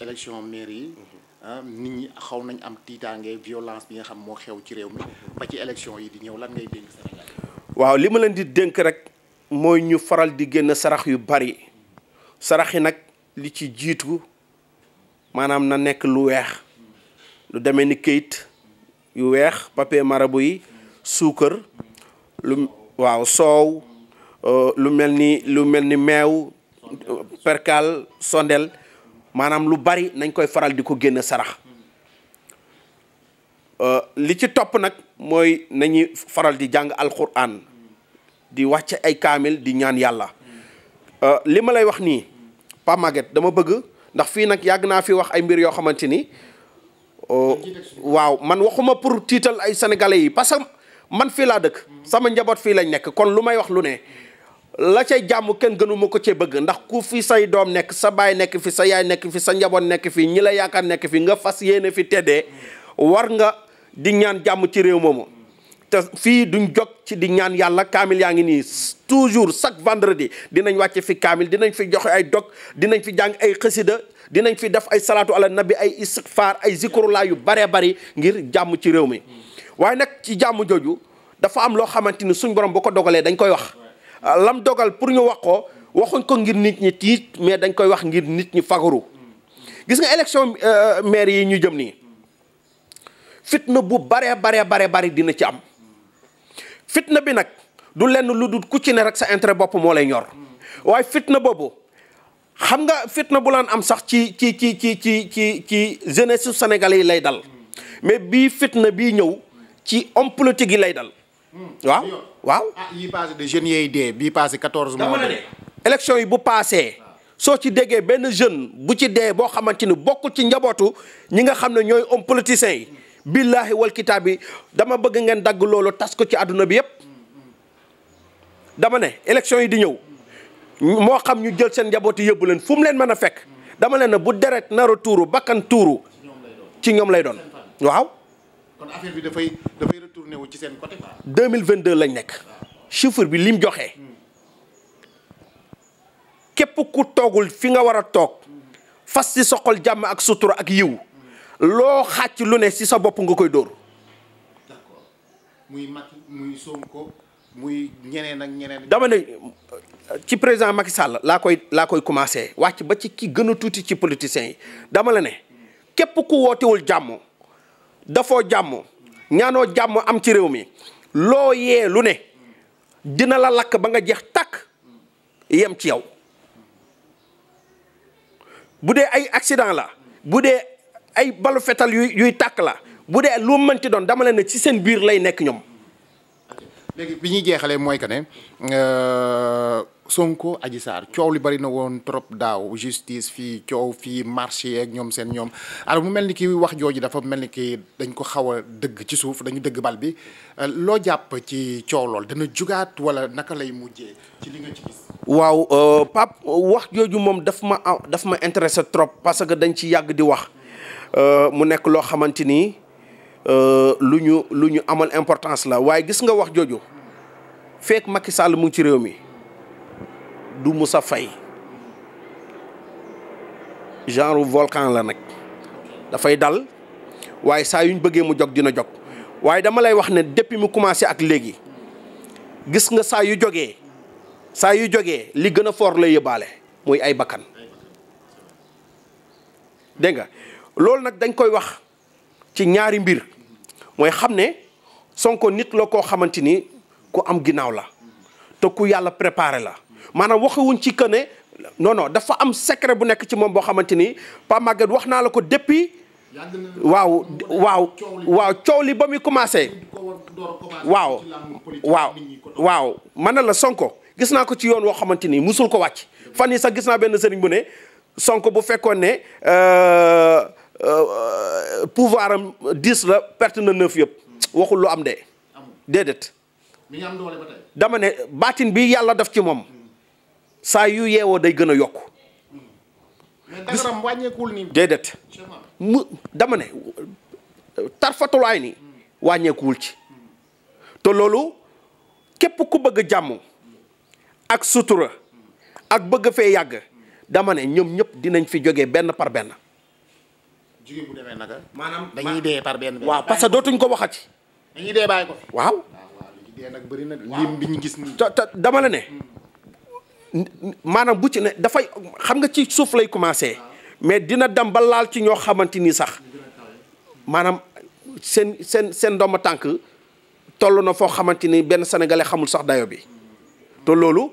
élection maire yi ah, nit ñi xaw nañ am tiitaange violence bi nga xam moo xew ci réew mi ba ci élection yi di ñëw lan ngay dénk Sénégal waaw li ma leen di dënk rek mooy ñu faral di génn sarax yu bari sarax yi nag li ci jiitu maanaam na nekk lu weex lu deme ni këyit yu weex papier marabu yi suukar lu waaw soow euh, lu mel ni lu mel ni meew perkal sondel maanaam lu bari nañ koy faral di ko génn sarax euh, li ci topp nag mooy nañuy faral di jàng alquran di wàcce ay kaamil di ñaan yàlla euh, li ma lay wax nii Pa Maguette dama bëgg ndax fii nag yàgg naa fi wax ay mbir yoo xamante ni euh, waaw man waxuma pour tiital ay sénégalais yi parce que man fii laa dëkk sama njaboot fii lañ nekk kon lu may wax lu ne la cay jàmm kenn gënuma ko cee bëgg ndax ku fi say doom nekk sa baay nekk fi sa yaay nekk fi sa njaboot nekk fi ñi la yaakaar nekk fi nga fas yéene fi teddee war nga di ñaan jàmm ci réew moomu te fii duñ jog ci di yàlla kaamil yaa ngi nii toujours chaque vendredi dinañ wàcce fi kaamil dinañ fi joxe ay dog dinañ fi jàng ay xësida dinañ fi def ay salaatu ala nabi ay istigfaar ay zikrullah yu baree bari ngir jàmm ci réew mi waaye nag ci jàmm jooju dafa am loo xamante ni suñ borom boo ko dogalee dañ koy wax lam dogal pour ñu wax ko waxuñ ko ngir nit ñi tiit mais dañ koy wax ngir nit ñi fagaru gis nga élection euh, maire yi ñu jëm nii fitna bu baree baree baree bari dina ci am fitna bi nag du lenn lu du ku ci rek sa intérêt bopp moo lay ñor waaye fitna boobu xam nga fitna bu laan am sax ci ci ci ci ci ci ci jeunesse Sénégal yi lay dal mais bii fitna bii ñëw ci homme politique yi lay dal Hmm. waaw waaw. ah yii passé de jeunes yooyu dee bii passé quatorze mois. élection yi bu paasee soo ci déggee benn jeune bu ci dee boo xamante ni bokkul ci njabootu ñi nga xam ne ñooy homme politicien yi. billaahi wal kitaab bi dama bëgg ngeen dagg loolu tas ko ci àdduna bi yëpp. dama ne élection yi di ñëw moo xam ñu jël seen njaboot yi leen fu mu leen mën a fekk dama leen ne bu deret nara tuuru bakkan tuuru ci ñoom lay doon tourné ci seen côté quoi. 2022 lañ nekk chiffre bi lim joxe képp ku toogul fi nga war a toog fas si soxol jàmm ak sutura ak yiw loo xàcc lu ne si sa bopp nga koy dóor. muy Macky muy muy ñeneen ak ñeneen. dama ne ci président Macky Sall laa koy laa koy commencé wàcc ba ci ki gën tuuti ci politiciens yi dama la ne képp ku wootewul jàmm dafoo jàmm. ñaanoo jàmm am ci réew mi loo yee lu ne dina la lakk ba nga jeex tàkk yem ci yow bu dee ay accident la bu dee ay balu fetal yuy yuy tàkk la bu dee lu mënti doon dama leen ne ci seen biir lay nekk ñoom. léegi bi ñuy jeexalee mooy que ne. Euh, Sonko Adji Sarr coow li bari na woon trop daaw justice fii coow fii marché ak ñoom seen ñoom alors mu mel ni ki wax jooju dafa mel ni ki dañ ko xaw dëgg ci suuf dañu dëgg bal bi euh, loo jàpp ci coow lool dana jugaat wala naka lay mujjee ci li nga ci gis. waaw euh, Pape wax jooju moom daf ma daf ma intéressé trop parce que dañ ci yàgg di wax euh, mu nekk loo xamante ni lu ñu lu ñu amal importance la waaye gis nga wax jooju feek Macky Sall mu ci réew mi. du sa fay genre volcan la nag dafay dal waaye saa yuñ bëggee mu jog dina jog waaye dama lay wax ne depuis mu commencé ak léegi gis nga saa yu jogee saa yu jogee li gën a fort lay yëbaale muy ay bakkan dégg nga loolu nag dañ koy wax ci ñaari mbir mooy xam ne Sonko nit la koo xamante ni ku am ginnaaw la te ku yàlla préparé la maanaam waxuwuñ ci que ne non dafa am secret bu nekk ci moom boo xamante ni Pa Maguette wax naa la ko depuis. waaw waaw waaw coow li ba muy commencé. waaw waaw waaw na la Sonko gis naa ko ci yoon woo xamante ni musul ko wàcc fan yi sax gis naa benn sëriñ bu ne Sonko bu fekkoon ne euh, euh, pouvoir am dix la perte na neuf yëpp waxul lu am de déedéet dama ne baatin bi yàlla def ci moom saa yu yeewoo day gën a yokku. mais dagaram wàññeekuwul nii. déedéet mu dama ne tarfatulaay ni wàññeekuwul ci te loolu képp ku bëgg jàmm ak sutura ak bëgg fee yàgg dama ne ñoom ñëpp dinañ fi jógee benn par benn. jigéen bu demee naka. maanaam dañuy par benn parce que dootuñ ko waxati. dañuy dee waaw. Ah, dama la ne. Hmm. maanaam bu ci ne dafay xam nga ci suuf lay commencé mais dina dem ba laal ci ñoo xamante ni sax maanaam seen seen seen a tànk toll na foo xamante ni benn sénégalais xamul sax dayo bi te loolu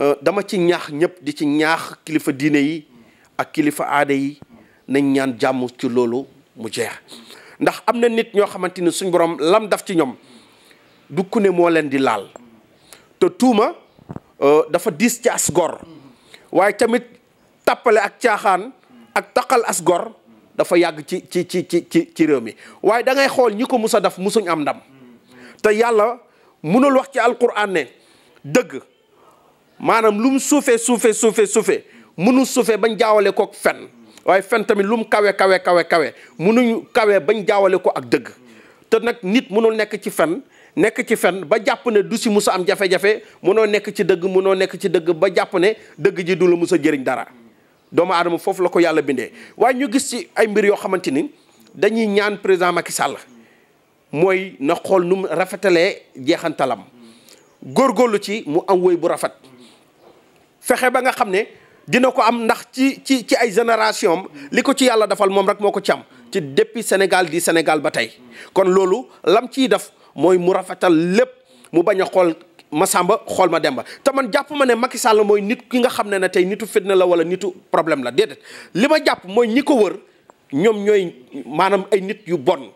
euh, dama ci ñaax ñëpp di ci ñaax kilifa diine yi ak kilifa aada yi nañ ñaan jàmm ci loolu mu jeex ndax am na nit ñoo xamante ni suñ boroom lam daf ci ñoom du ne moo leen di laal te tuuma. Euh, dafa diis ci as gor waaye tamit tàppale ak caaxaan ak taqal as gor dafa yàgg ci ci ci ci ci ci réew mi waaye da ngay xool ñi ko mus a def musuñ am ndam te yàlla munul wax ci alquran ne dëgg maanaam lu mu suufee suufee suufee suufee mënul suufee bañ jaawale ko fen waaye fen tamit lu mu kawe kawe kawe kawe munuñ kawe bañ jaawale ko ak dëgg te nag nit munul nekk ci fen nekk ci fen ba jàpp ne du si musa am jafe-jafe munoo nekk ci dëgg munoo nekk ci dëgg ba jàpp ne dëgg ji du la musa jëriñ dara doomu aadama foofu la ko yàlla bindee waaye ñu gis ci ay mbir yoo xamante ni dañuy ñaan président Macky Sall mooy na xool nu mu rafetalee jeexantalam góor góorlu ci mu am woy bu rafet fexe ba nga xam ne dina ko am ndax ci ci ci ay génération li ko ci yàlla defal moom rek moo ko ci am ci depuis Sénégal di Sénégal ba tey kon loolu lam ciy def mooy mu rafetal lépp mu bañ a xool ma sàmba xool ma dem demba te man jàpp ma ne Macky Sall mooy nit ki nga xam ne ne tey nitu fitna la wala nitu problème la déedéet li ma jàpp mooy ñi ko wër ñoom ñooy maanaam ay nit yu bon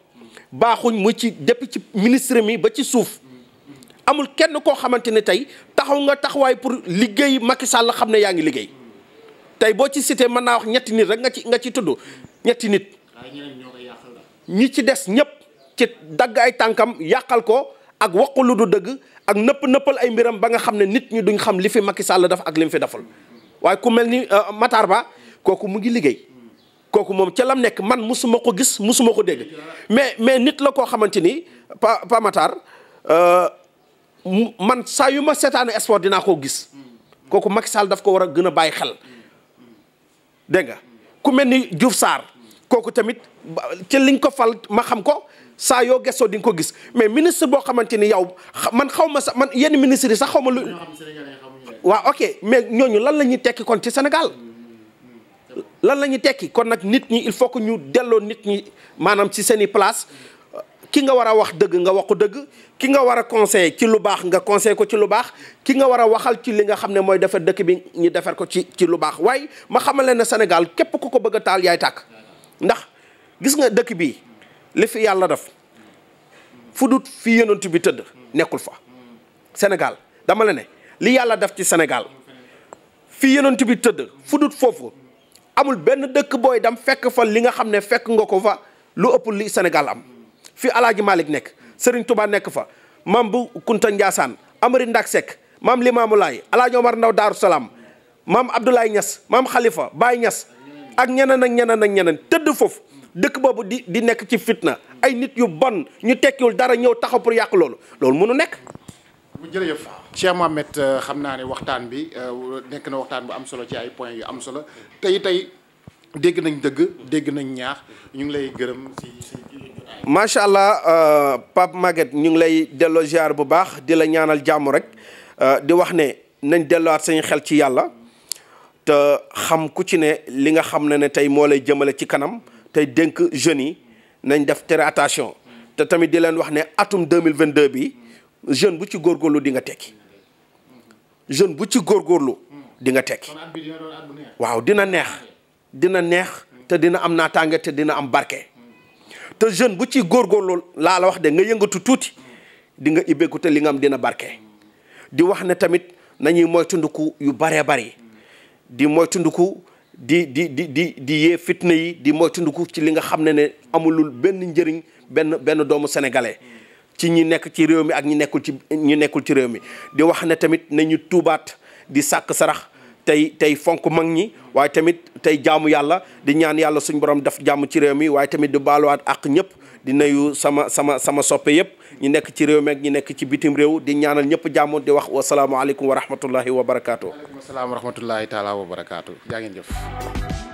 baaxuñ mu ci depuis ci ministre mi ba ci suuf amul kenn koo xamante ne tey taxaw nga taxawaay pour liggéey Macky Sall xam ne yaa ngi liggéey tey boo ci sitee man naa wax ñetti nit rek nga ci nga ci tudd ñetti nit ñi ci des ñëpp ci dagg ay tànkam yàqal ko ak waxu lu du dëgg ak nëpp nëppal ay mbiram ba nga xam ne nit ñi duñ xam li fi Macky Sall def ak li mu fi defal waaye ku mel ni euh, Matar Ba kooku mu ngi liggéey kooku moom ca lam nekk man musuma ko gis musuma ko dégg mais mais nit la koo xamante ni Pa Pa Matar euh, man saa yu ma seetaane sport dinaa koo gis kooku Macky Sall daf ko war a gën a bàyyi xel dégg nga ku mel ni Diouf saar kooku tamit ci liñ ko fal ma xam ko saa yoo gëstoo di nga ko gis mais ministre boo xamante ni yow man xaw ma sax man yenn ministre yi sax xaw ma lu. waa ok mais ñooñu lan la tekki kon ci senegal lan la ñuy tekki kon nag nit ñi il faut que ñu delloo nit ñi maanaam ci seen i place ki nga war a wax dëgg nga wax ko dëgg ki nga war a conseiller ci lu baax nga conseiller ko ci lu baax ki nga war a waxal ci li nga xam ne mooy defar dëkk bi ñu defar ko ci ci lu baax waaye ma xamal leen ne Sénégal képp ku ko bëgg taal yaay tàkk. ndax gis nga dëkk bi li fi yàlla def fu dut fi yonent bi tëdd nekkul fa senegal dama la ne li yàlla def ci senegal fi yonent bi tëdd fu foofu amul benn dëkk booy dem fekk fa li nga xam ne fekk nga ko fa lu ëpp li senegal am fi Alaaji Malick nekk Serigne Touba nekk fa maam bu Kunta Ndiassane Amari Ndak Seck maam Limaamu Laay Alaaji Ndaw Daaru Salaam maam Abdoulaye Niass maam Khalifa Baye Niass ak ñeneen ak ñeneen ak ñeneen tëdd foofu dëkk boobu di di nekk ci fitna ay nit yu bon ñu tekkiwul dara ñëw taxaw pour yàq loolu loolu mënu nekk. bu jërëjëf Cheikh euh, xam naa ne waxtaan bi euh, nekk na waxtaan bu am solo ci ay points yu am solo tey tey dégg nañ dëgg dégg nañ ñaax ñu ngi lay gërëm si macha allah euh, Pape Maguette ñu ngi lay delloo ziar bu baax di la ñaanal jàmm rek di wax ne nañ delluwaat seen xel ci yàlla. te xam ku ci ne li nga xam ne ne tey moo lay jëmale ci kanam tey dënk jeunes yi nañ def tere attention te tamit di leen wax ne atum deux mille vingt deux bi jeune bu ci góorgóorlu di nga tekki jeune bu ci góorgóorlu di nga tekki waaw dina neex dina neex te dina am naataange te dina am barke te jeune bu ci góorgóorlu laa la wax de nga yëngatu tuuti di nga ibbeeku te li nga am dina barke di wax ne tamit nañuy moytandiku yu baree bari di moytundiku di di di di di yee fitna yi di moytundiku ci li nga xam ne ne amulul benn njëriñ benn benn doomu sénégalais ci ñi nekk ci réew mi ak ñi nekkul ci ñi nekkul ci réew mi di wax ne tamit nañu tuubaat di sàkk sarax tey tey fonk mag ñi waaye tamit tey jaamu yàlla di ñaan yàlla suñ borom def jàmm ci réew mi waaye tamit di baaluwaat ak ñëpp di nuyu sama sama sama soppe yëpp ñu nekk ci réew meek ak ñu nekk ci bitim réew di ñaanal ñëpp jàmm di wax wasalaamaaleykum wa rahmatullahi wa barakaatu. waaleykum salaam wa rahmatullahi taala wa barakaatu jaa ngeen jëf.